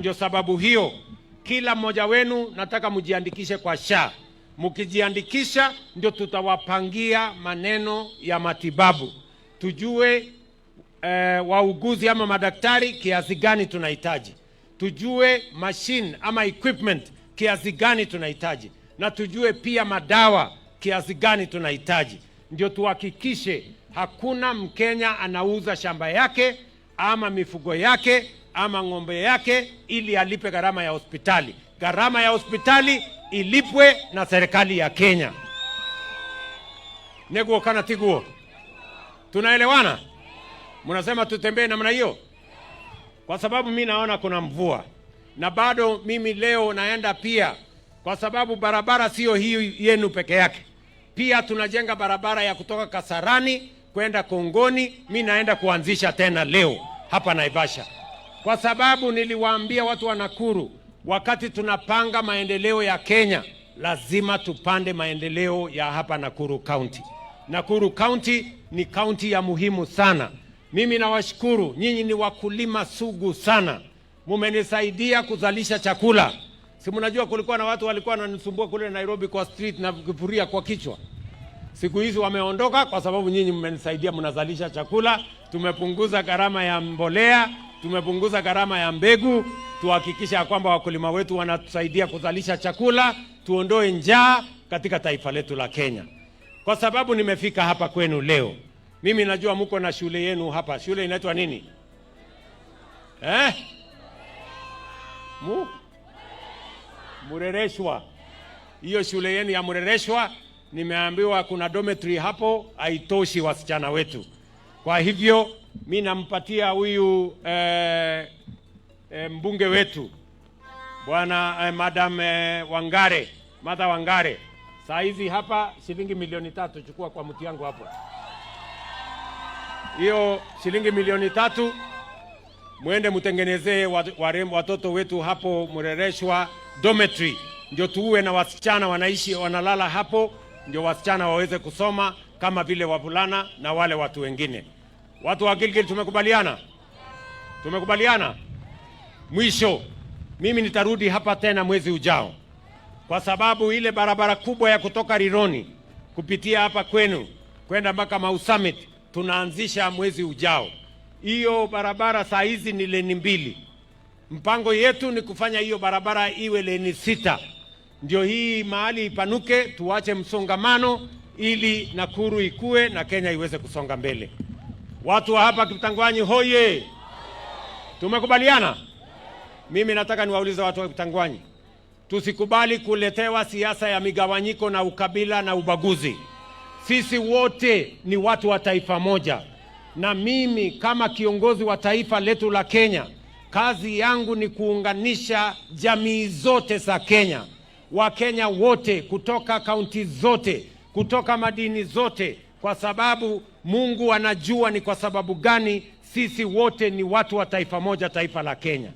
ndio sababu hiyo kila mmoja wenu nataka mjiandikishe kwa SHA. Mkijiandikisha ndio tutawapangia maneno ya matibabu, tujue eh, wauguzi ama madaktari kiasi gani tunahitaji, tujue machine ama equipment kiasi gani tunahitaji, na tujue pia madawa kiasi gani tunahitaji, ndio tuhakikishe hakuna Mkenya anauza shamba yake ama mifugo yake ama ng'ombe yake ili alipe gharama ya hospitali. Gharama ya hospitali ilipwe na serikali ya Kenya. Neguo kana tiguo, tunaelewana? Mnasema tutembee namna hiyo, kwa sababu mi naona kuna mvua na bado mimi leo naenda pia, kwa sababu barabara siyo hii yenu peke yake, pia tunajenga barabara ya kutoka Kasarani kwenda Kongoni. Mi naenda kuanzisha tena leo hapa Naivasha kwa sababu niliwaambia watu wa Nakuru wakati tunapanga maendeleo ya Kenya lazima tupande maendeleo ya hapa Nakuru County. Nakuru County ni kaunti ya muhimu sana. Mimi nawashukuru nyinyi, ni wakulima sugu sana, mumenisaidia kuzalisha chakula. Si mnajua kulikuwa na watu walikuwa wananisumbua kule Nairobi kwa street na kufuria kwa kichwa. Siku hizi wameondoka kwa sababu nyinyi mmenisaidia, mnazalisha chakula, tumepunguza gharama ya mbolea tumepunguza gharama ya mbegu, tuhakikisha ya kwamba wakulima wetu wanatusaidia kuzalisha chakula, tuondoe njaa katika taifa letu la Kenya. Kwa sababu nimefika hapa kwenu leo, mimi najua mko na shule yenu hapa. Shule inaitwa nini eh? Mu? Murereshwa. Hiyo shule yenu ya Murereshwa nimeambiwa kuna dormitory hapo, haitoshi wasichana wetu. Kwa hivyo mi nampatia huyu eh, eh, mbunge wetu bwana eh, madam eh, Wangare madha Wangare, saa hizi hapa shilingi milioni tatu, chukua kwa mti yangu hapo, hiyo shilingi milioni tatu mwende mtengenezee warembo watoto wetu hapo murereshwa dormitory, ndio tuwe na wasichana wanaishi wanalala hapo, ndio wasichana waweze kusoma kama vile wavulana na wale watu wengine. Watu wa Gilgil tumekubaliana, tumekubaliana. Mwisho mimi nitarudi hapa tena mwezi ujao, kwa sababu ile barabara kubwa ya kutoka Rironi kupitia hapa kwenu kwenda mpaka Mau Summit tunaanzisha mwezi ujao. Hiyo barabara saa hizi ni leni mbili, mpango yetu ni kufanya hiyo barabara iwe leni sita, ndio hii mahali ipanuke, tuache msongamano ili Nakuru ikue na Kenya iweze kusonga mbele. Watu wa hapa Kitangwanyi hoye! Tumekubaliana. Mimi nataka niwaulize watu wa Kitangwanyi, tusikubali kuletewa siasa ya migawanyiko na ukabila na ubaguzi. Sisi wote ni watu wa taifa moja, na mimi kama kiongozi wa taifa letu la Kenya, kazi yangu ni kuunganisha jamii zote za Kenya, Wakenya wote kutoka kaunti zote, kutoka madini zote, kwa sababu Mungu anajua ni kwa sababu gani sisi wote ni watu wa taifa moja, taifa la Kenya.